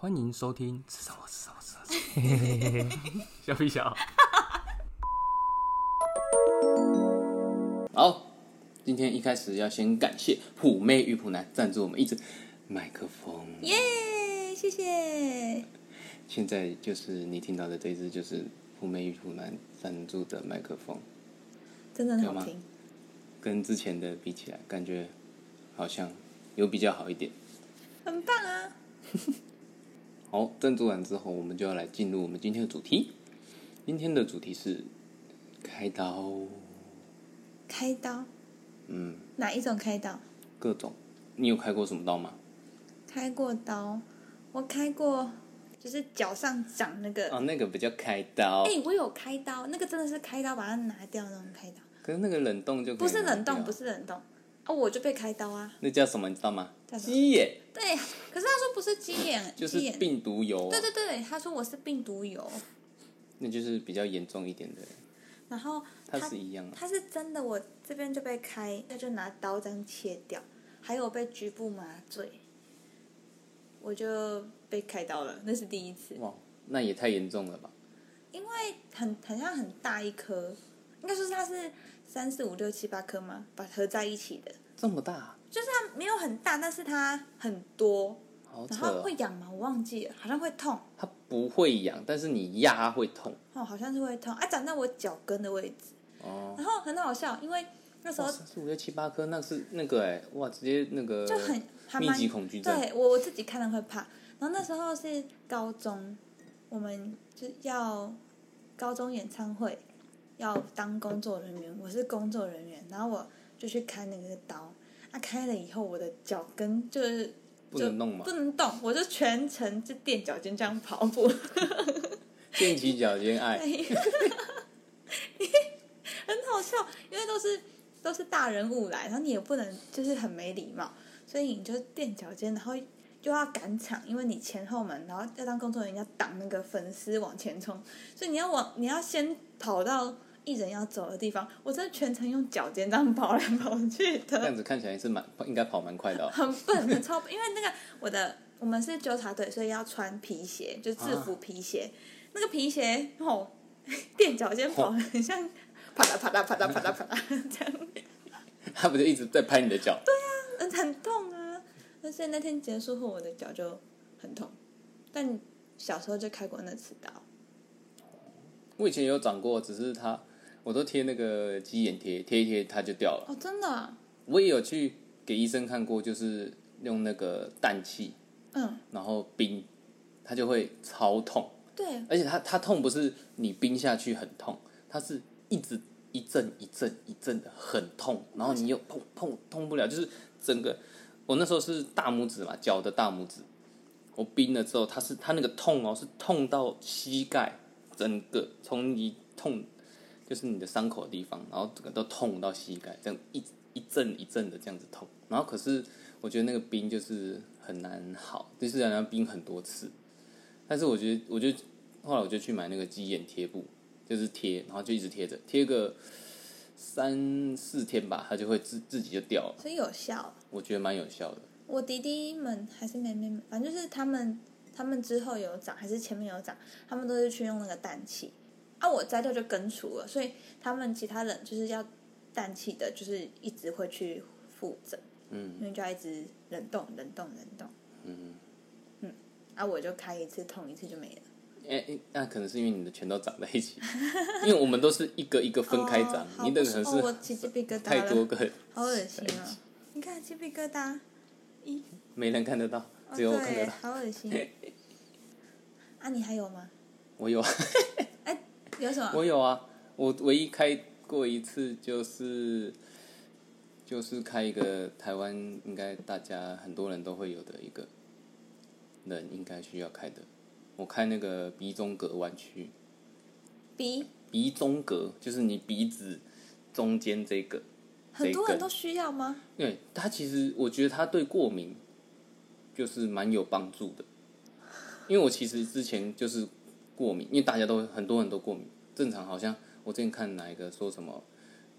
歡迎收聽《吃什麼吃什麼吃什麼》吃什麼。嘿嘿嘿，笑一笑。好，今天一開始要先感謝虎妹與普男贊助我們一支麥克風。耶，yeah，謝謝！現在就是你聽到的這一支，就是虎妹與普男贊助的麥克風，真的很好聽，跟之前的比起來，感覺好像有比較好一點。很棒啊！ 好，振作完之後，我們就要來進入我們今天的主題。今天的主題是開刀。開刀。嗯。哪一種開刀？各種。你有開過什麼刀嗎？開過刀，我開過，就是腳上長那個。哦，那個不叫開刀。哎、欸，我有開刀，那個真的是開刀，把它拿掉那種開刀。可是那個冷凍就不是冷凍，不是冷凍。哦，我就被開刀啊。那叫什麼？你知道嗎？雞眼？對，可是他說不是雞眼，就是病毒疣哦。對對對，他說我是病毒疣，那就是比較嚴重一點的。然後他是一樣啊，他是真的，我這邊就被開，他就拿刀這樣切掉，還有被局部麻醉，我就被開刀了，那是第一次。哇，那也太嚴重了吧！因為很很像很大一顆，應該說是它是三四五六七八顆嗎？把它合在一起的，這麼大啊。就是它沒有很大，但是它很多，然後會癢嗎？我忘記了，好像會痛。它不會癢，但是你壓它會痛。哦，好像是會痛。哎、啊，長在我腳跟的位置。哦。然後很好笑，因為那時候、哦、三四五六七八顆，那是那個哎、欸、哇，直接那個就很密集恐懼症。對，我我自己看了會怕。然後那時候是高中，我們就要高中演唱會，要當工作人員，我是工作人員，然後我就去開那個刀。那開了以後，我的腳跟就是不能動嘛，不能動，我就全程就墊腳尖這樣跑步，墊 起腳尖哎 很好笑，因為都是都是大人物來，然後你也不能就是很沒禮貌，所以你就墊腳尖，然後又要趕場，因為你前後門，然後要當工作人員要擋那個粉絲往前衝，所以你要往你要先跑到，一人要走的地方，我真的全程用腳尖這樣跑來跑去的。這樣子看起來是蠻應該跑蠻快的、哦。很笨，很超笨 因為那個我的我們是糾察隊，所以要穿皮鞋，就制服皮鞋。啊、那個皮鞋腳哦，踮腳尖跑，很像啪嗒啪嗒啪嗒啪嗒啪嗒這樣。他不就一直在拍你的腳？對啊，很痛啊！所以那天結束後，我的腳就很痛。但小時候就開過那次刀。我以前也有長過，只是他。我都貼那個雞眼貼，貼一貼它就掉了。哦，真的啊？我也有去給醫生看過，就是用那個氮氣，嗯，然後冰，它就會超痛。對。而且它它痛不是你冰下去很痛，它是一直一陣一陣一陣的很痛，然後你又痛痛痛不了，就是整個我那時候是大拇指嘛，腳的大拇指，我冰了之後，它是它那個痛哦，是痛到膝蓋，整個從一痛。就是你的傷口的地方，然後整個都痛到膝蓋，這樣一一陣一陣的這樣子痛。然後可是我覺得那個冰就是很難好，就是要冰很多次。但是我覺得，我就後來我就去買那個雞眼貼布，就是貼，然後就一直貼着，貼個三四天吧，它就會自自己就掉了。所以有效？我覺得蠻有效的。我弟弟們還是妹妹們，反正就是他們他們之後有長還是前面有長，他們都是去用那個氮氣。啊，我摘掉就根除了，所以他們其他人就是要氮氣的，就是一直會去復診，嗯，因為就要一直冷凍、冷凍、冷凍，嗯嗯，啊，我就開一次，痛一次就沒了。哎、欸，那、欸啊、可能是因為你的全都長在一起， 因為我們都是一個一個分開長，哦、你的可是、哦、我起雞皮疙瘩太多個，好惡心啊、哦！你看雞皮疙瘩，一 沒人看得到，只有我看得到，哦、好惡心。 啊，你還有嗎？我有，哎 有我有啊，我唯一開過一次就是，就是開一個台灣應該大家很多人都會有的一個，人應該需要開的，我開那個鼻中隔彎曲。鼻鼻中隔就是你鼻子中間這個。很多人都需要嗎？對，他其實我覺得他對過敏就是蠻有幫助的，因為我其實之前就是。過敏，因為大家都很多人都過敏。正常好像我之前看哪一個說什麼，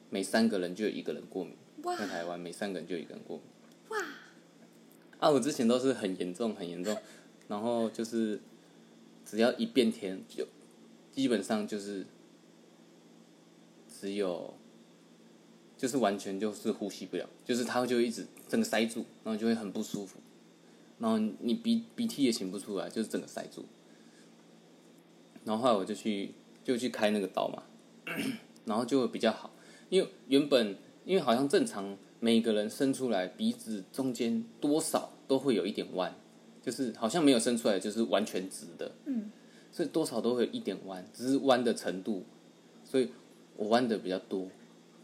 每三個人就有一個人過敏。在台灣，每三個人就有一個人過敏。哇！啊，我之前都是很嚴重，很嚴重。 然後就是只要一變天，就基本上就是只有就是完全就是呼吸不了，就是它就一直整個塞住，然後就會很不舒服。然後你鼻鼻涕也擤不出來，就是整個塞住。然後後來我就去就去開那個刀嘛，咳咳，然後就會比較好，因為原本因為好像正常每個人生出來鼻子中間多少都會有一點彎，就是好像沒有生出來就是完全直的，嗯，所以多少都會有一點彎，只是彎的程度，所以我彎的比較多，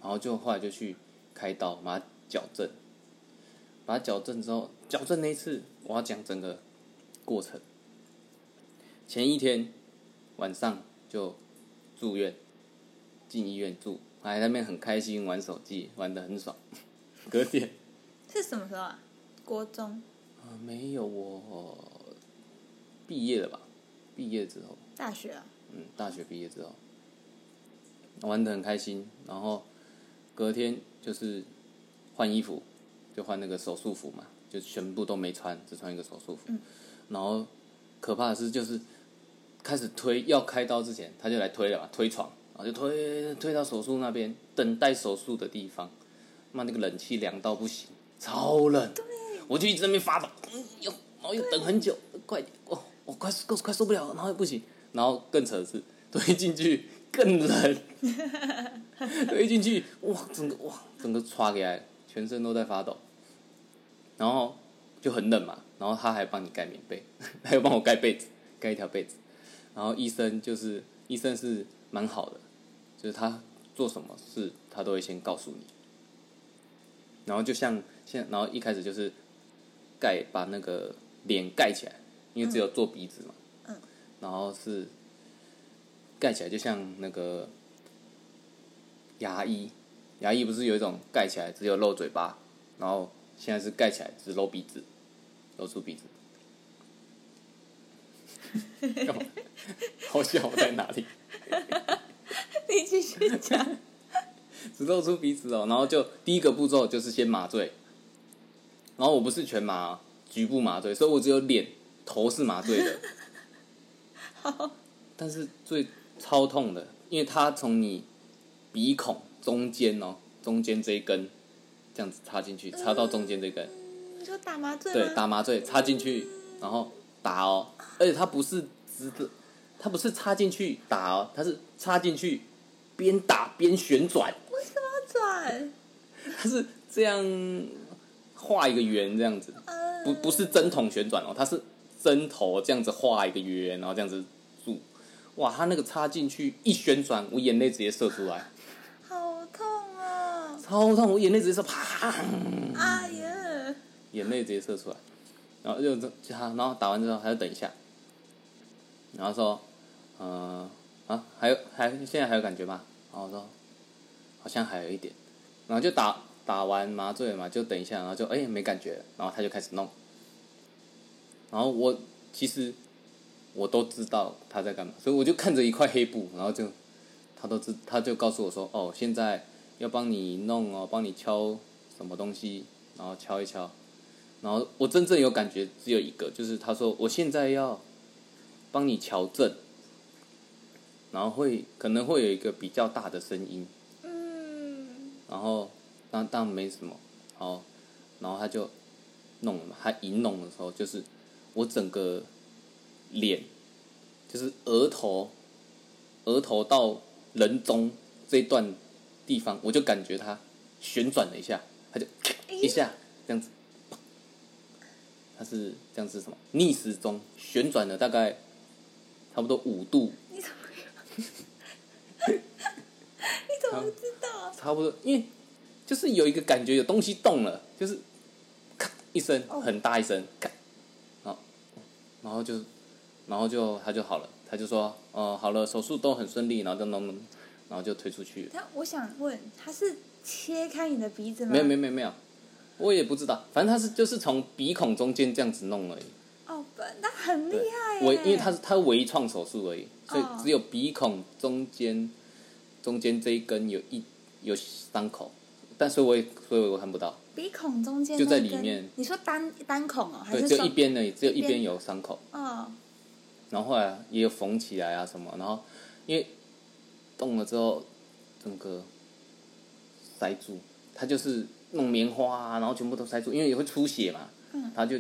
然後就後來就去開刀把它矯正，把它矯正之後，矯正那一次我要講整個過程，前一天。晚上就住院，進醫院住，還在那邊很開心，玩手機，玩得很爽。隔天是什麼時候啊？國中啊、呃？沒有我畢業了吧？畢業之後？大學啊？嗯，大學畢業之後，玩得很開心，然後隔天就是換衣服，就換那個手術服嘛，就全部都沒穿，只穿一個手術服。嗯。然後可怕的是就是。開始推要開刀之前，他就來推了嘛，推床，然後就推推到手術那邊等待手術的地方。媽，那個冷氣涼到不行，超冷，我就一直在那邊發抖、嗯，然後又等很久，快，我、哦、我、哦，快快受不了，然後也不行，然後更扯是推進去更冷， 推進去哇，整個哇，整個唰起來，全身都在發抖，然後就很冷嘛，然後他還幫你蓋棉被，還有幫我蓋被子，蓋一條被子。然後醫生就是醫生是蠻好的，就是他做什麼事他都會先告訴你。然後就像現，然後一開始就是蓋把那個臉蓋起來，因為只有做鼻子嘛。嗯。嗯，然後是蓋起來，就像那個牙醫，牙醫不是有一種蓋起來只有露嘴巴，然後現在是蓋起來只露鼻子，露出鼻子。 幹嘛 好笑在哪裡 ？你繼繼續講，只露出鼻子哦、喔，然後就第一個步驟就是先麻醉，然後我不是全麻、喔，局部麻醉，所以我只有臉、頭是麻醉的。但是最超痛的，因為它從你鼻孔中間哦，中間這一根這樣子插進去，插到中間這根。你說打麻醉？對，打麻醉，插進去，然後打哦、喔。而且它不是直的。它不是插進去打哦，它是插進去，邊打邊旋轉。為什麼要轉？它是這樣畫一個圓這樣子，不不是針筒旋轉哦，它是針頭這樣子畫一個圓，然後這樣子住。哇，它那個插進去一旋轉，我眼淚直接射出來。好痛啊！超痛，我眼淚直接射，啪！哎、啊、呀、yeah。眼淚直接射出來，然後就就，然後打完之後還要等一下。然後說，呃、啊，還有還現在還有感覺嗎？然後說，好像還有一點。然後就打打完麻醉嘛，就等一下，然後就哎沒感覺。然後他就開始弄。然後我其實我都知道他在幹嘛，所以我就看着一塊黑布，然後就他都知他就告訴我說，哦，現在要幫你弄哦，幫你敲什麼東西，然後敲一敲。然後我真正有感覺只有一個，就是他說我現在要。幫你矯正，然後會可能會有一個比較大的聲音，嗯、然後，那但，但沒什麼，然後，然後他就弄了，他一弄的時候就是我整個臉，就是額頭，額頭到人中這一段地方，我就感覺他旋轉了一下，他就一下這樣子，他是這樣子什麼逆時鐘旋轉了大概。差不多五度，你怎麼知道？ 啊、差不多，因為就是有一個感覺，有東西動了，就是咔一聲，很大一聲，咔，然後就，然後就他就好了，他就說，哦、呃，好了，手術都很順利，然後就弄，弄，弄，然後就推出去。他我想問，他是切開你的鼻子嗎？沒有沒有沒有沒有，我也不知道，反正他是就是從鼻孔中間這樣子弄而已。哦、oh,，那很厲害，我因為他是他微創手術而已，oh. 所以只有鼻孔中間、中間這一根有一有傷口，但是我也所以我，也所以我也看不到鼻孔中間，就在裡面。你說單單孔哦、喔？還是雙？對，就一邊的，只有一邊有傷口。嗯。Oh. 然後後來也有縫起來啊什麼，然後因為動了之後整個塞住，他就是弄棉花，然後全部都塞住，因為也會出血嘛。嗯，他就。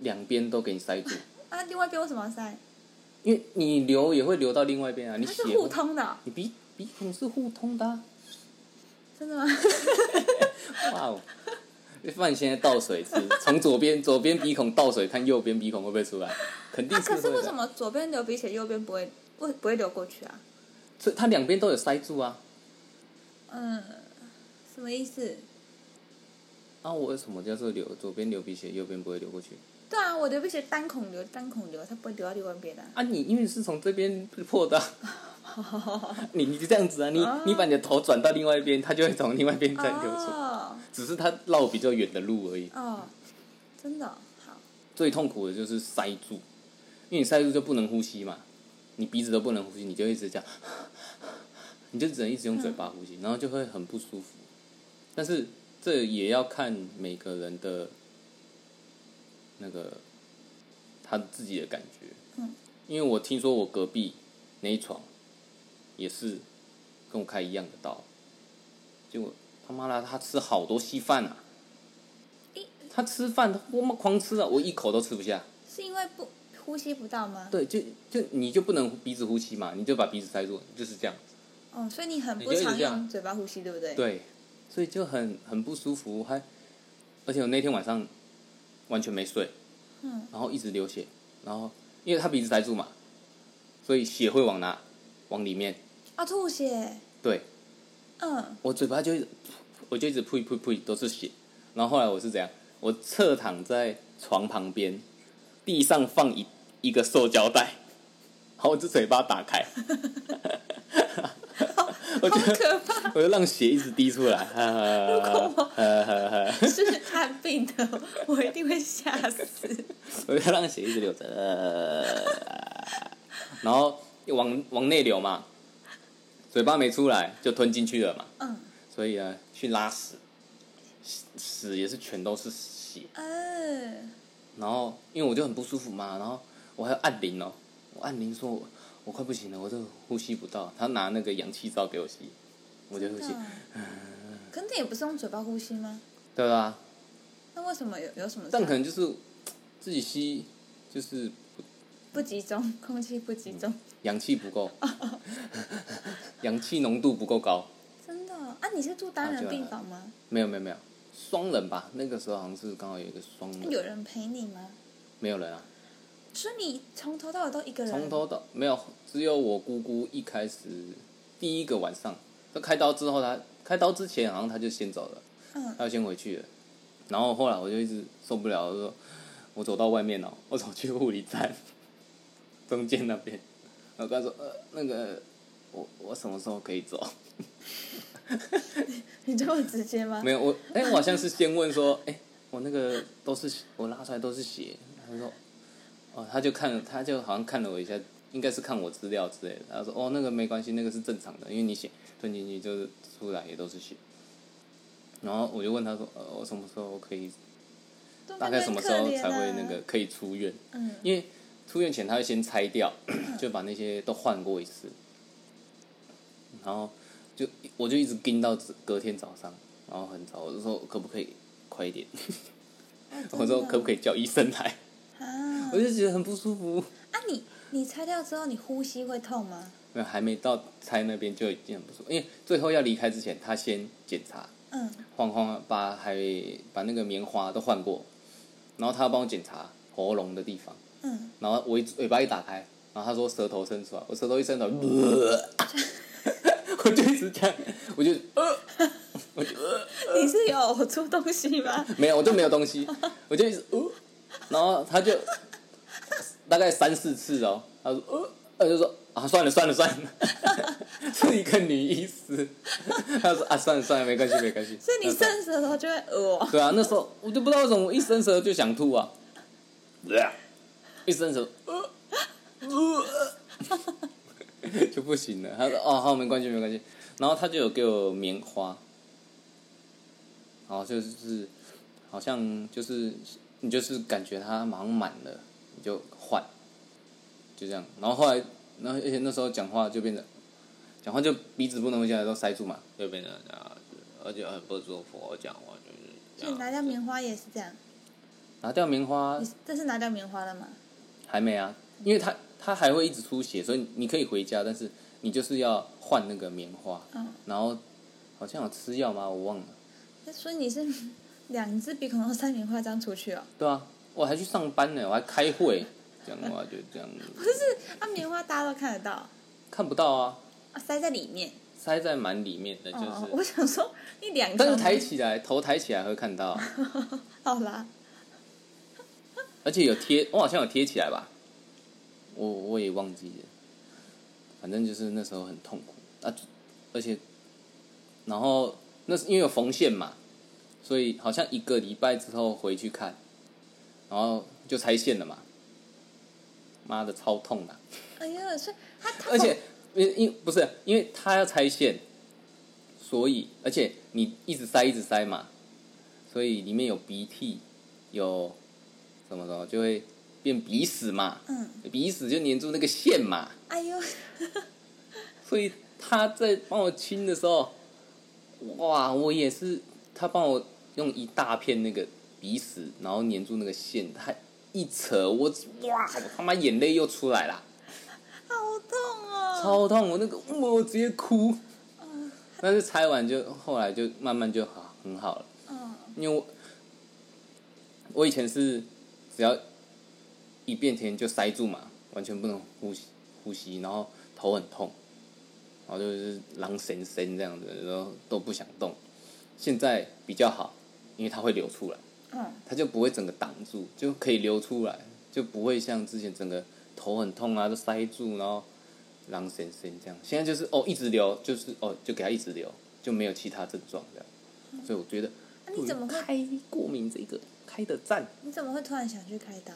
兩邊都給你塞住，啊另外一邊為什麼塞？因為你流也會流到另外一邊啊，它是互通的、啊，你鼻鼻孔是互通的、啊，真的嗎？ 欸、哇哦！你放現在倒水是是，從左邊左邊鼻孔倒水，看右邊鼻孔會不會出來？肯定是會。那、啊、可是為什麼左邊流鼻血，右邊不會不不會流過去啊？所以它兩邊都有塞住啊。嗯，什麼意思？那、啊、我為什麼叫做流左邊流鼻血，右邊不會流過去？對啊，我得的是單孔流，單孔流，它不會流到另外一邊的、啊。啊你，你因為是從這邊破的， 你你就這樣子啊，oh. 你你把你的頭轉到另外一邊，它就會從另外一邊再流出，oh. 只是它繞比較遠的路而已。哦、oh.，真的好。最痛苦的就是塞住，因為你塞住就不能呼吸嘛，你鼻子都不能呼吸，你就一直這樣， 你就只能一直用嘴巴呼吸、嗯，然後就會很不舒服。但是這也要看每個人的。那個，他自己的感覺。嗯，因為我聽說我隔壁那一床也是跟我開一樣的刀，結果他媽的他吃好多稀飯啊！他吃飯他媽狂吃了，我一口都吃不下。是因為不呼吸不到嗎？對，就就你就不能鼻子呼吸嘛，你就把鼻子塞住，就是這樣。哦，所以你很不常用嘴巴呼吸，對不對？對，所以就很很不舒服，還而且我那天晚上。完全沒睡、嗯，然後一直流血，然後因為他鼻子塞住嘛，所以血會往哪，往裡面。啊吐血！對，嗯，我嘴巴就，我就一直噗噗噗都是血，然後後來我是怎樣，我側躺在床旁邊，地上放一一個塑膠袋，然後我只嘴巴打開。 好可怕！我就讓血一直滴出來。 如果我 是看病的，我一定會嚇死。 我就讓血一直流着， 然後往往內流嘛，嘴巴沒出來就吞進去了嘛。嗯。所以呢，去拉屎，屎也是全都是血。嗯。然後因為我就很不舒服嘛，然後我還有按鈴哦、喔，我按鈴說。我快不行了，我都呼吸不到。他拿那個氧氣罩給我吸，我就呼吸。可是也不是用嘴巴呼吸嗎？對啊。那為什麼有有什麼？但可能就是自己吸，就是不不集中，空氣不集中，嗯、氧氣不夠， 氧氣濃度不夠高。真的、哦？啊，你是住單人病房嗎？啊呃、沒有沒有沒有，雙人吧。那個時候好像是剛好有一個雙人。有人陪你嗎？沒有人啊。所以你從頭到尾都一個人？從頭到，沒有，只有我姑姑一開始第一個晚上，就開刀之後她，她開刀之前好像她就先走了，嗯，她就先回去了。然後後來我就一直受不了，我說我走到外面哦，我走去護理站，中間那邊、呃那個，我然後跟她說呃那個我我什麼時候可以走 你？你這麼直接嗎？沒有我，哎、欸，我好像是先問說，哎、 欸，我那個都是我拉出來都是血，她說。哦，他就看了，他就好像看了我一下，應該是看我資料之類的。他說：“哦，那個沒關係，那個是正常的，因為你血吞進去就是出來也都是血。”然後我就問他說：“呃，我什麼時候可以？大概什麼時候才會那個可以出院？啊、因為出院前他會先拆掉，嗯、就把那些都換過一次。”然後就我就一直盯到隔天早上，然後很早我就說：“可不可以快一點？” 我說：“可不可以叫醫生來？”啊、我就覺得很不舒服。啊、你你拆掉之後，你呼吸會痛嗎？沒有，還沒到拆那邊就已經很不舒服，因為最後要離開之前，他先檢查。嗯。晃，晃把還把那個棉花都換過，然後他要幫我檢查喉嚨的地方。嗯。然後尾尾巴一打開，然後他說舌頭伸出來，我舌頭一伸出來，我就一直這、呃、 我就，是這我就呃，呃，你是有出東西嗎？ 沒有，我就沒有東西，我就一直、呃呃然後他就大概三四次哦，他說呃，他就說啊，算了算了算了呵呵，是一個女醫師，他說啊，算了算了，沒關係沒關係。是你伸舌頭就會嘔、呃、對啊，那時候我就不知道為什麼我一伸舌頭就想吐啊，一伸舌呃呃 就不行了。他說哦，好、啊啊、沒關係沒關係。然後他就有給我棉花，然後就是好像就是。你就是感覺它蠻滿的，你就換，就這樣。然後後來，然後而且那時候講話就變成，講話就鼻子不能現在都塞住嘛，就變成這樣，而且很不舒服講話就。就拿掉棉花也是這樣。拿掉棉花。是這是拿掉棉花了嗎？還沒啊，因為它它還會一直出血，所以你可以回家，但是你就是要換那個棉花。哦。然後好像有吃藥嗎？我忘了。所以你是？兩支筆，可能塞棉花這樣出去哦。對啊，我還去上班呢，我還開會，這樣的話就這樣子。不是啊，棉花大家都看得到。 看不到啊，塞在裡面。塞在蠻裡面的，就是、哦。我想說，你兩。但是抬起來，頭抬起來會看到。 好啦。 而且有貼，我好像有貼起來吧？我我也忘記了。反正就是那時候很痛苦啊，而且，然後那是因為有縫線嘛。所以好像一個禮拜之後回去看，然後就拆線了嘛。媽的，超痛的。哎呦，所以他痛而且因因不是因為他要拆線，所以而且你一直塞一直塞嘛，所以裡面有鼻涕有什麼什麼就會變鼻屎嘛。嗯，鼻屎就黏住那個線嘛。哎呦， 所以他在幫我清的時候，哇，我也是。他幫我用一大片那個鼻屎，然後黏住那個線，他一扯，我哇，他媽眼淚又出來了，好痛啊！超痛，我那個，哦、我直接哭。嗯、但是拆完就後來就慢慢就好、啊、很好了。嗯。因為我我以前是只要一變天就塞住嘛，完全不能呼吸呼吸，然後頭很痛，然後就是狼神身這樣子，然後都不想動。現在比較好，因為它會流出來，它、嗯、就不會整個擋住，就可以流出來，就不會像之前整個頭很痛啊，都塞住，然後狼生生這樣。現在就是哦，一直流，就是哦，就給它一直流，就沒有其他症狀的、嗯。所以我覺得，啊、你怎麼、哎、開過敏這個開的讚。你怎麼會突然想去開刀？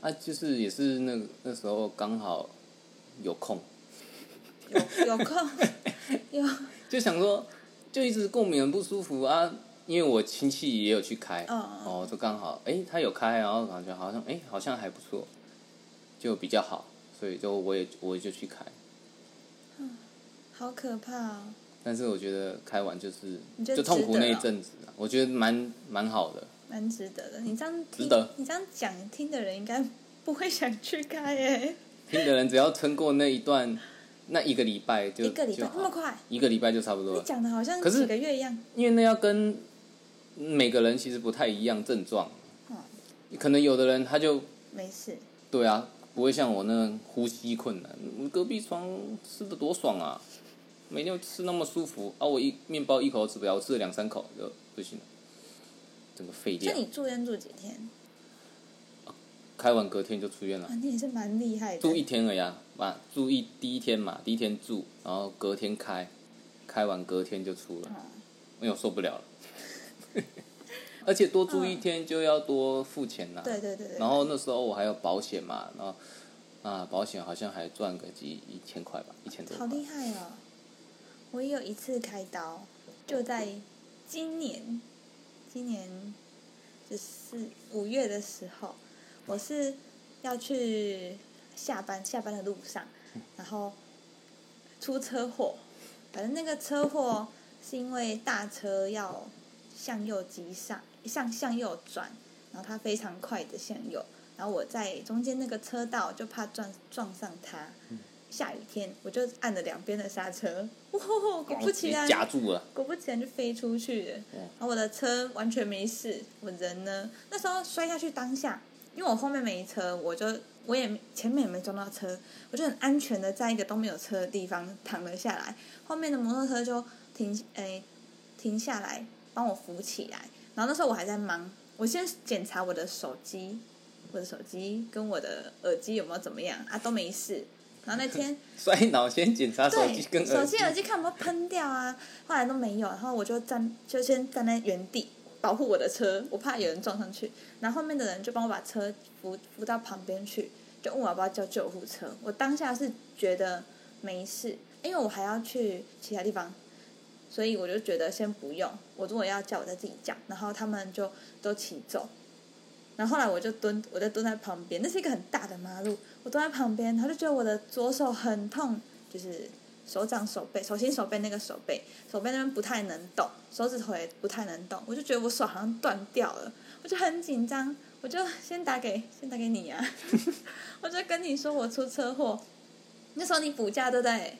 啊，就是也是那個、那時候剛好有空，有有空 有，就想說。就一直過敏很不舒服啊，因為我親戚也有去開，oh. 哦，就剛好，哎、欸，他有開，然後感覺好像，哎、欸，好像還不錯，就比較好，所以就我也我也就去開，好可怕啊、哦！但是我覺得開完就是就,就痛苦那一陣子、哦，我覺得蠻蠻好的，蠻值得的。你這樣聽，值得。你這樣講，聽的人應該不會想去開耶。聽的人只要撐過那一段。那一個禮拜，就一個禮拜那麼快，一個禮拜就差不多了，講的好像幾個月一樣。因為那要跟每個人其實不太一樣症狀，可能有的人他就沒事。對啊，不會像我那樣呼吸困難，隔壁床吃的多爽啊，每天吃那麼舒服，啊，我一麵包一口都吃不了，我吃了兩三口就不行了，整個廢掉。那你住院住幾天？開完隔天就出院了。你也是蠻厲害的，住一天了呀。啊、住一第一天嘛，第一天住，然後隔天開，開完隔天就出了，哎呦受不了了呵呵，而且多住一天就要多付錢了、啊嗯、對、對對對。然後那時候我還有保險嘛，然後啊，保險好像還賺個幾一千塊吧，一千多。好厲害哦！我也有一次開刀，就在今年，今年就是五月的時候，我是要去。下班下班的路上，然後出車禍。反正那個車禍是因為大車要向右急上，向向右轉，然後它非常快的向右，然後我在中間那個車道就怕撞撞上它，嗯。下雨天，我就按了兩邊的剎車。哦哦、果不其然，夾住了。果不其然就飛出去了。然後我的車完全沒事，我人呢？那時候摔下去當下，因為我後面沒車，我就。我也前面也沒撞到車，我就很安全的在一個都沒有車的地方躺了下來。後面的摩托車就停誒、欸，停下來幫我扶起來。然後那時候我還在忙，我先檢查我的手機，我的手機跟我的耳機有沒有怎麼樣啊，都沒事。然後那天摔倒先檢查手機跟耳，對，手機耳機看有沒有噴掉啊， 後來都沒有。然後我就站就先站在原地，保護我的車，我怕有人撞上去。然後，後面的人就幫我把車扶扶到旁邊去，就問我要不要叫救護車。我當下是覺得沒事，因為我還要去其他地方，所以我就覺得先不用。我如果要叫，我再自己叫。然後他們就都騎走。然後後來我就蹲，我就蹲在旁邊。那是一個很大的馬路，我蹲在旁邊，我就覺得我的左手很痛，就是。手掌、手背、手心、手背，那個手背、手背那邊不太能動，手指頭也不太能動。我就覺得我手好像斷掉了，我就很緊張，我就先打給先打給你呀、啊， 我就跟你說我出車禍，那時候你補假對不對？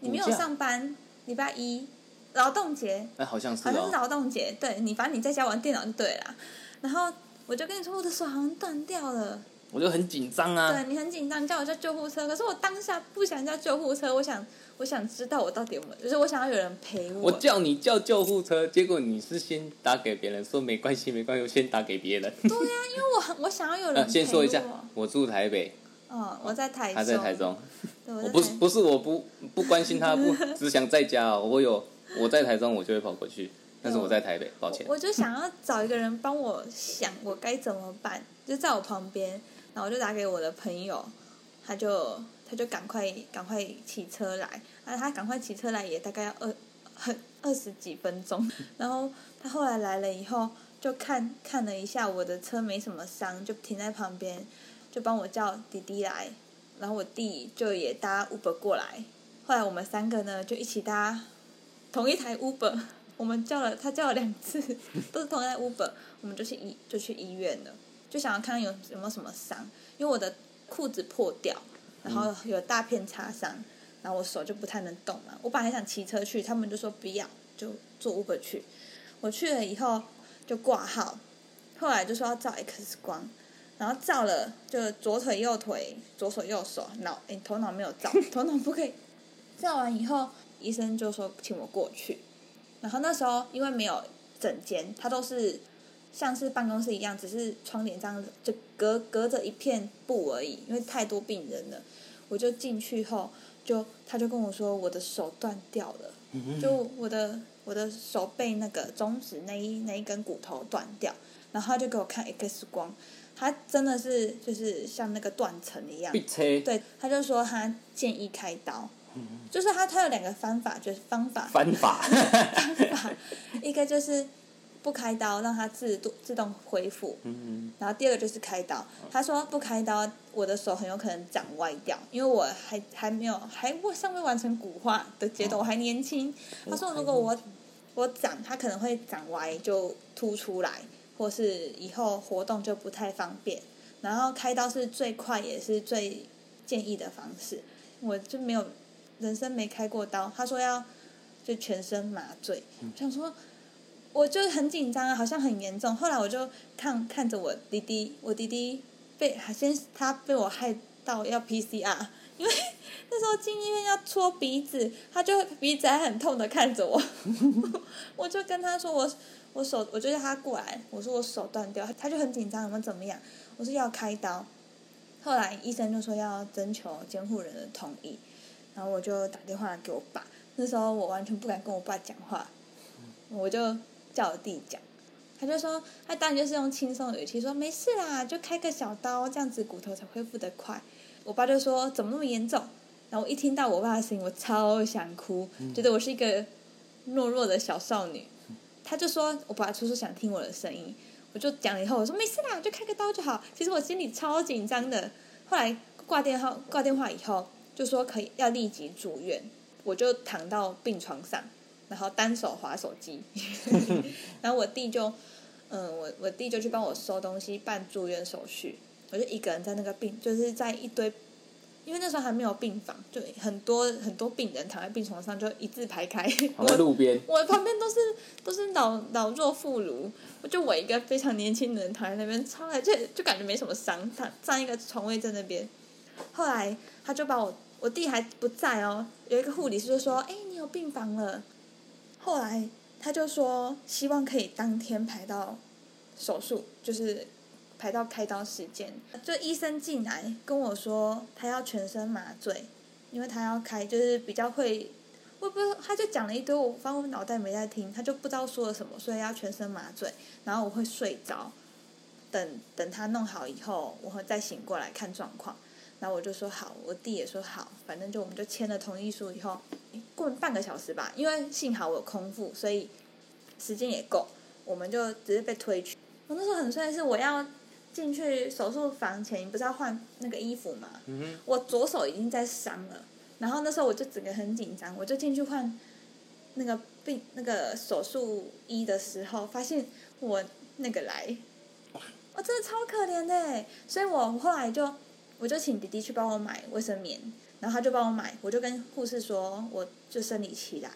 你沒有上班，禮拜一勞動節，哎、欸、好像是、哦、好像是勞動節，對，你反正你在家玩電腦就對了。然後我就跟你說我的手好像斷掉了，我就很緊張啊，對，你很緊張，你叫我叫救護車，可是我當下不想叫救護車，我想。我想知道我到底有沒有，就是我想要有人陪我。我叫你叫救護車，結果你是先打給別人說沒關係沒關係，我先打給別人。對呀、啊，因為我我想要有人陪我、啊、先說一下，我住台北。嗯、哦，我在台中。他在台中。我在台中，我不是不是我不不關心他，不 只想在家哦。我有我在台中，我就會跑過去。但是我在台北，抱歉。我就想要找一個人幫我想我該怎麼辦，就在我旁邊，然後我就打給我的朋友，他就。他就趕快趕快騎車來，那、啊、他趕快騎車來也大概要二很二十幾分鐘。然後他後來來了以後，就看看了一下我的車沒什麼傷，就停在旁邊，就幫我叫弟弟來，然後我弟就也搭 Uber 過來。後來我們三個呢就一起搭同一台 Uber，我們叫了他叫了兩次，都是同一台 Uber，我們就去醫就去醫院了，就想要看看有有沒有什麼傷，因為我的褲子破掉。然後有大片擦傷，然後我手就不太能動嘛。我本來想騎車去，他們就說不要，就坐 Uber 去。我去了以後就掛號，後來就說要照 X 光，然後照了，就左腿、右腿、左手、右手，腦誒、欸，頭腦沒有照，頭腦不可以。 照完以後，醫生就說請我過去。然後那時候因為沒有診間，他都是。像是辦公室一樣，只是窗簾這樣子就隔隔着一片布而已。因為太多病人了，我就進去後就他就跟我說我的手斷掉了，就我的我的手被那個中指那一那一根骨頭斷掉，然後他就給我看 X 光，他真的是就是像那個斷層一樣，對，他就說他建議開刀，嗯、就是他他有兩個方法，就是方法方法， 方法一個就是。不開刀讓它自動自動恢復， 嗯，然後第二個就是開刀。他說不開刀， 我的手很有可能長歪掉，因為我還還沒有還我尚未完成骨化的階段， 我還年輕。他說如果我我長，它可能會長歪就凸出來，或是以後活動就不太方便。然後開刀是最快也是最建議的方式，我就沒有人生沒開過刀。他說要就全身麻醉， 我想說。我就很緊張，好像很嚴重。後來我就看看着我弟弟，我弟弟被好像他被我害到要 PCR，因為那時候進醫院要戳鼻子，他就鼻子還很痛的看着我， 我就跟他說我我手，我就叫他過來，我說我手斷掉，他就很緊張，怎麼怎麼樣，我說要開刀，後來醫生就說要徵求監護人的同意，然後我就打電話給我爸，那時候我完全不敢跟我爸講話，我就。叫我弟講，他就說，他當然就是用輕鬆的語氣說，沒事啦，就開個小刀，這樣子骨頭才恢復得快。我爸就說，怎麼那麼嚴重？然後我一聽到我爸的聲音，我超想哭，嗯、覺得我是一個懦弱的小少女。他就說我爸就是想聽我的聲音，我就講了以後，我說沒事啦，就開個刀就好。其實我心裡超緊張的。後來掛電話，掛電話以後就說可以要立即住院，我就躺到病床上。然後單手滑手機，然後我弟就，嗯，我我弟就去幫我收東西、辦住院手續。我就一個人在那個病，就是在一堆，因為那時候還沒有病房，就很多很多病人躺在病床上，就一字排開。路邊，我旁邊都是都是老老弱婦孺，我就我一個非常年輕的人躺在那邊，超來就就感覺沒什麼傷，躺站一個床位在那邊。後來他就把我，我弟還不在哦，有一個護理師就說：“哎，你有病房了。”後來他就說希望可以當天排到手術，就是排到開刀時間。就醫生進來跟我說他要全身麻醉，因為他要開就是比較會，我不知道他就講了一堆我，我反正我腦袋沒在聽，他就不知道說了什麼，所以要全身麻醉，然後我會睡着，等等他弄好以後我會再醒過來看狀況。然後我就說好，我弟也說好，反正就我們就簽了同意書以後。過半個小時吧，因為幸好我有空腹，所以時間也夠。我們就直接被推去。我那時候很帥，是我要進去手術房前，不是要換那個衣服嗎？嗯哼。我左手已經在傷了，然後那時候我就整個很緊張，我就進去換那個病那個手術衣的時候，發現我那個來，我、哦、真的超可憐的。所以我後來就我就請弟弟去幫我買衛生棉。然後他就幫我買，我就跟護士說，我就生理期來，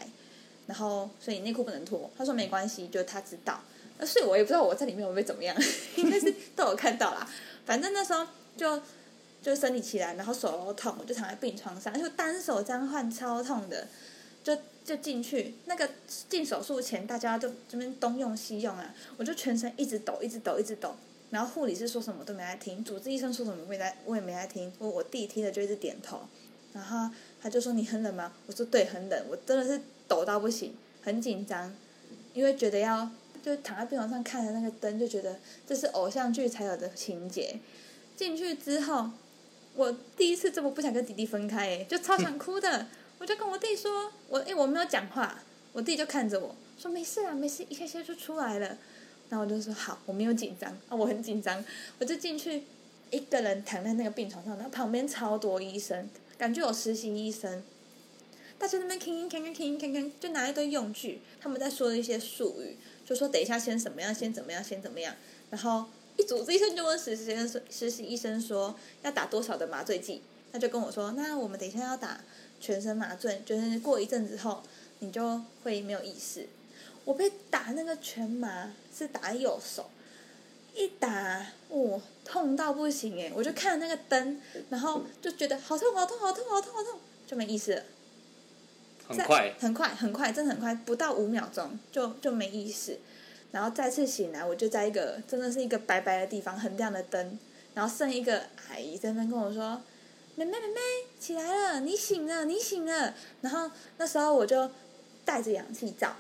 然後所以內褲不能脫。他說沒關係，就他知道。那所以我也不知道我在裡面我會怎麼樣，應該 是都有看到啦。反正那時候就就生理期來，然後手又痛，我就躺在病床上，就單手這樣換超痛的，就就進去那個進手術前，大家都這邊東用西用啊，我就全身一直抖，一直抖，一直抖。直抖然後護理師說什麼都沒在聽，主治醫生說什麼沒在，我也沒在聽，我我弟聽了就一直點頭。然後他就說：“你很冷嗎？”我說：“對，很冷，我真的是抖到不行，很緊張，因為覺得要就躺在病床上看着那個燈，就覺得這是偶像劇才有的情節。進去之後，我第一次這麼不想跟弟弟分開，哎，就超想哭的。我就跟我弟說，我哎、欸、我沒有講話，我弟就看着我說沒事啊，沒事，一下下就出來了。然後我就說好，我沒有緊張啊、哦，我很緊張，我就進去一個人躺在那個病床上，然後旁邊超多醫生。”感覺有實習醫生，大家在那邊聽聽聽聽聽聽聽，就拿一堆用具，他們在說一些術語，就說等一下先怎麼樣，先怎麼樣，先怎麼樣。然後一主治醫生就問實習醫生，實習醫生說要打多少的麻醉劑？他就跟我說，那我們等一下要打全身麻醉，就是過一陣子後你就會沒有意識。我被打那個全麻是打右手。一打，哇、哦，痛到不行哎！我就看了那個燈，然後就覺得好痛，好痛，好痛，好痛，好痛，好痛，就沒意思了。很快，很快，很快，真的很快，不到五秒鐘就就沒意思。然後再次醒來，我就在一個真的是一個白白的地方，很亮的燈。然後剩一個阿姨在那跟我說：“妹妹，妹妹，起來了，你醒了，你醒了。”然後那時候我就戴着氧氣罩。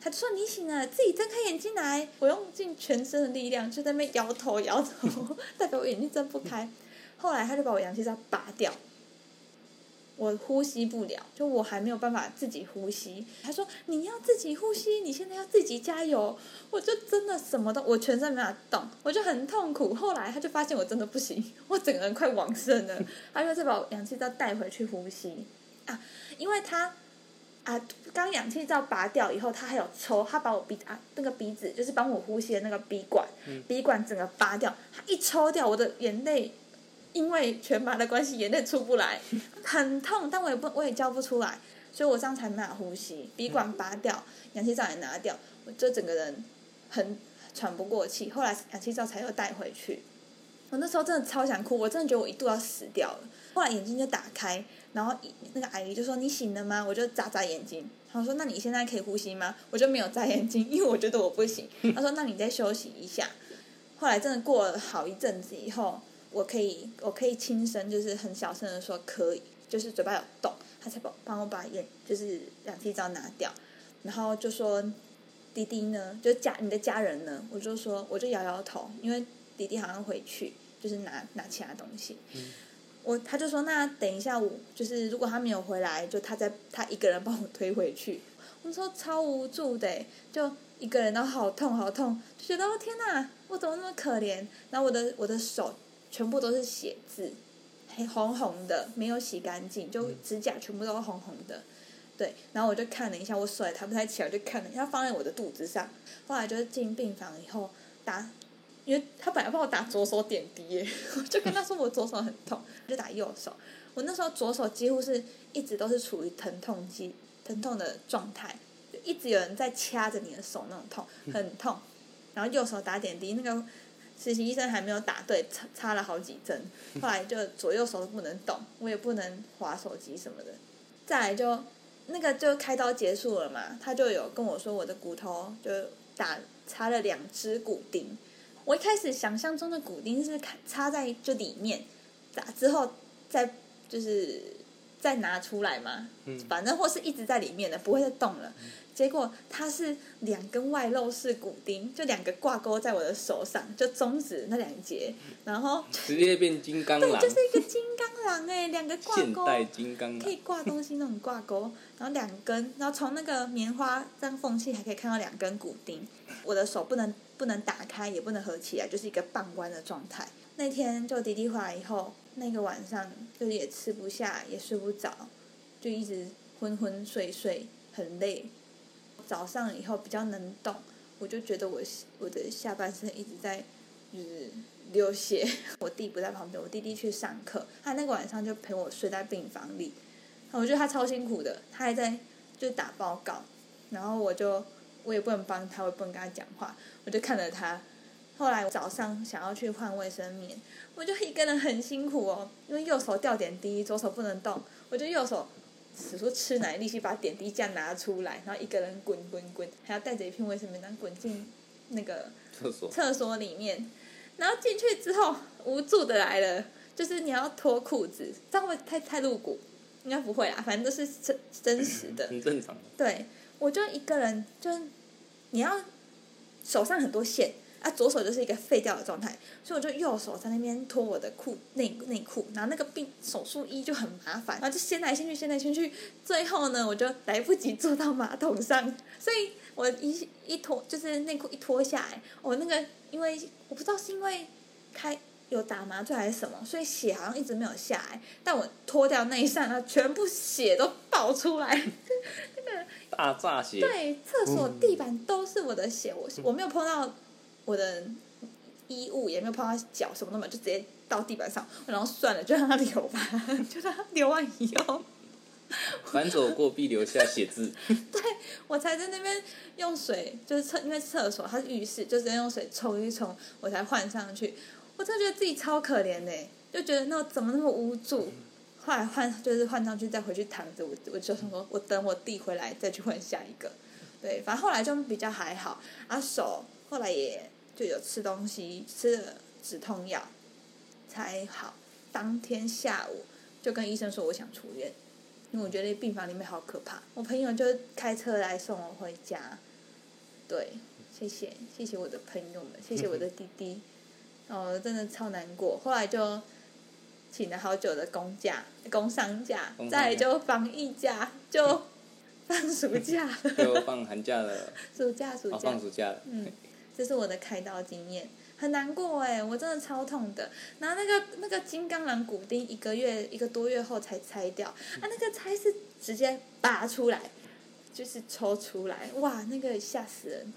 他就說：“你醒了，自己睜開眼睛來。”我用盡全身的力量就在那搖頭搖頭，代表我眼睛睜不開。後來他就把我氧氣罩拔掉，我呼吸不了，就我還沒有辦法自己呼吸。他說：“你要自己呼吸，你現在要自己加油。”我就真的什麼都，我全身沒法動，我就很痛苦。後來他就發現我真的不行，我整個人快往生了。他又再把我氧氣罩帶回去呼吸啊，因為他。啊！剛氧氣罩拔掉以後，他還有抽，他把我鼻啊那個鼻子，就是幫我呼吸的那個鼻管，嗯、鼻管整個拔掉，它一抽掉我的眼淚，因為全麻的關係眼淚出不來，很痛，但我也不我也叫不出來，所以我這樣才沒辦法呼吸。鼻管拔掉，氧氣罩也拿掉，我就整個人很喘不過氣。後來氧氣罩才又帶回去，我那時候真的超想哭，我真的覺得我一度要死掉了。後來眼睛就打開。然後那個阿姨就說：“你醒了嗎？”我就眨眨眼睛。然後說：“那你現在可以呼吸嗎？”我就沒有眨眼睛，因為我覺得我不行。他說：“那你再休息一下。”後來真的過了好一陣子以後，我可以，我可以輕聲，就是很小聲的說：“可以。”就是嘴巴有動，他才幫幫我把眼，就是氧氣罩拿掉。然後就說：“弟弟呢？就是、家你的家人呢？”我就說：“我就搖搖頭，因為弟弟好像回去，就是拿拿其他東西。嗯”我他就說，那等一下，我就是如果他沒有回來，就他再他一個人幫我推回去。我說超無助的，就一個人，都好痛好痛，就覺得天哪，我怎麼那麼可憐？然後我的我的手全部都是血漬，黑紅紅的，沒有洗乾淨，就指甲全部都是紅紅的。對，然後我就看了一下，我手也抬不太起來，就看了一下，放在我的肚子上。後來就是進病房以後打。因為他本來幫我打左手點滴，我就跟他說我左手很痛，就打右手。我那時候左手幾乎是一直都是處於疼痛期、疼痛的狀態，就一直有人在掐着你的手，那種痛很痛。然後右手打點滴，那個實習醫生還沒有打對，插了好幾針。後來就左右手都不能動，我也不能滑手機什麼的。再來就那個就開刀結束了嘛，他就有跟我說我的骨頭就打插了兩支骨釘。我一開始想象中的骨釘是插在就裡面，打之後再就是再拿出來嘛，嗯、反正或是一直在裡面的，不會再動了。嗯結果它是兩根外露式骨釘，就兩個掛鈎在我的手上，就中指那兩節，然後直接變金剛狼， 對，就是一個金剛狼哎， 兩個掛鈎，現代金剛狼可以掛東西那種掛鈎，然後兩根，然後從那個棉花這樣縫隙還可以看到兩根骨釘。我的手不能不能打開，也不能合起來，就是一個半彎的狀態。那天就弟弟回來以後，那個晚上就也吃不下，也睡不着，就一直昏昏睡睡，睡，很累。早上以後比較能動，我就覺得我我的下半身一直在就是流血。我弟不在旁邊，我弟弟去上課，他那個晚上就陪我睡在病房裡。我覺得他超辛苦的，他還在就打報告，然後我就我也不能幫他，我也不能跟他講話，我就看着他。後來早上想要去換衛生棉，我就一個人很辛苦哦，因為右手掉點滴，左手不能動，我就右手，使出吃奶力氣把點滴架拿出來，然後一個人滾滾滾，還要帶着一片衛生棉，滾進那個廁所廁所裡面。然後進去之後，無助的來了，就是你要脫褲子，這樣會，會太太露骨，應該不會啊，反正都是真真實的，很正常。對，我就一個人，就是你要手上很多線。啊，左手就是一個廢掉的狀態，所以我就右手在那邊脫我的褲內內褲，然後那個病手術衣就很麻煩，然後就掀來掀去，掀來掀去，最後呢，我就來不及坐到馬桶上，所以我一一脫就是內褲一脫下來，我那個因為我不知道是因為開有打麻醉還是什麼，所以血好像一直沒有下來，但我脫掉內衫，啊，全部血都爆出來，那 個大炸血，對，廁所地板都是我的血，嗯、我我沒有碰到。我的衣物也沒有泡到腳什麼的嘛，就直接到地板上，然後算了，就讓它流吧，就讓它流完以後。凡走過必留下血漬。 對，我才在那邊用水，就是廁，因為廁所它是浴室，就直接用水沖一沖，我才換上去。我真的覺得自己超可憐呢，就覺得那怎麼那麼無助。後來換就是換上去，再回去躺着，我我就想說，我等我弟回來再去換下一個。對，反正後來就比較還好。啊，手後來也。就有吃東西，吃了止痛藥才好。當天下午就跟醫生說我想出院，因為我覺得病房裡面好可怕。我朋友就開車來送我回家。對，謝謝謝謝我的朋友們，謝謝我的弟弟。 哦，真的超難過。後來就請了好久的公假、工傷假，再就放一假，就放暑假了， 就放寒假了。 暑假暑假，暑、哦、假、放暑假了。嗯。這是我的開刀經驗，很難過哎，我真的超痛的。然後那個那個金剛狼骨釘，一個月一個多月後才拆掉，啊，那個拆是直接拔出來，就是抽出來，哇，那個嚇死人！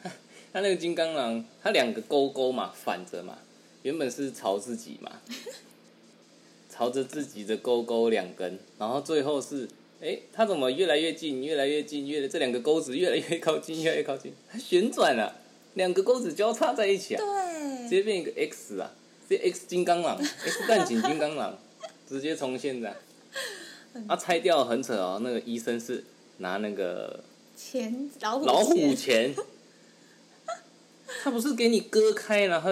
他那個金剛狼，他兩個鈎鈎嘛，反着嘛，原本是朝自己嘛， 朝着自己的鈎鈎兩根，然後最後是，哎、欸，他怎麼越來越近，越來越近，越來這兩個鈎子越來越靠近，越來越靠近，還旋轉了、啊。兩個鈎子交叉在一起啊，對，直接變一個 X 啊，這 X 金剛狼，X 戰警金剛狼，直接從 現在啊，啊拆掉很扯哦，那個醫生是拿那個錢老虎錢錢老虎鉗，他不是給你割開，然後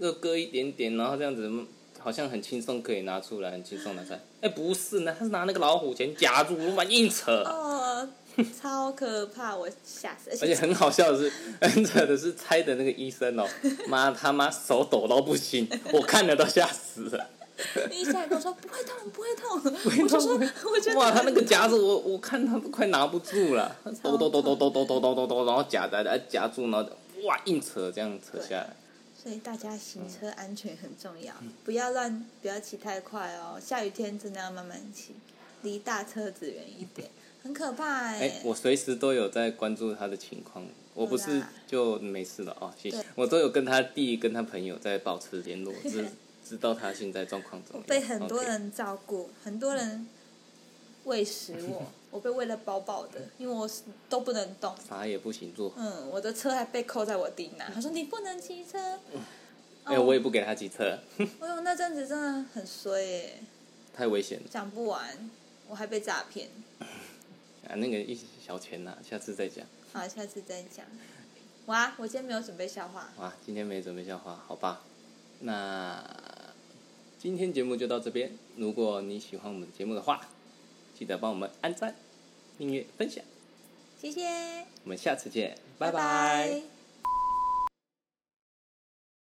又割一點點，然後這樣子好像很輕鬆可以拿出來，輕鬆拿出來。哎、欸，不是，呢，他是拿那個老虎鉗夾住嘛，我硬扯。呃 超可怕，我嚇死了！而且很好笑的是，摁扯的是猜的那個醫生哦、喔，媽他媽手抖到不行， 我看了都嚇死了。醫生都說 不會痛，不會痛。我就說：，哇，他那個夾子，我我看他都快拿不住了，抖抖抖抖抖抖抖抖抖，然後夾在來夾住，然後哇，硬扯這樣扯下來。所以大家行車安全很重要，嗯、不要亂，不要騎太快哦，下雨天真的要慢慢騎，離大車子遠一點。 很可怕哎、欸欸！我隨時都有在關注他的情況，我不是就沒事了哦。謝謝，我都有跟他弟、跟他朋友在保持聯絡，知知道他現在狀況怎麼樣。我被很多人照顧、okay，很多人餵食我， 我被餵了飽飽的，因為我都不能動，啥也不行做。嗯，我的車還被扣在我弟那、嗯，他說你不能騎車。哎、欸嗯，我也不給他騎車。 我說我那陣子真的很衰耶、欸，太危險了。講不完，我還被詐騙。 啊，那個一小錢呢，啊，下次再講。好，下次再講。哇，我今天沒有準備笑話。哇，今天沒準備笑話，好吧。那今天節目就到這邊。如果你喜歡我們節目的話，記得幫我們按贊、訂閱、分享，謝謝。我們下次見，拜拜。拜拜。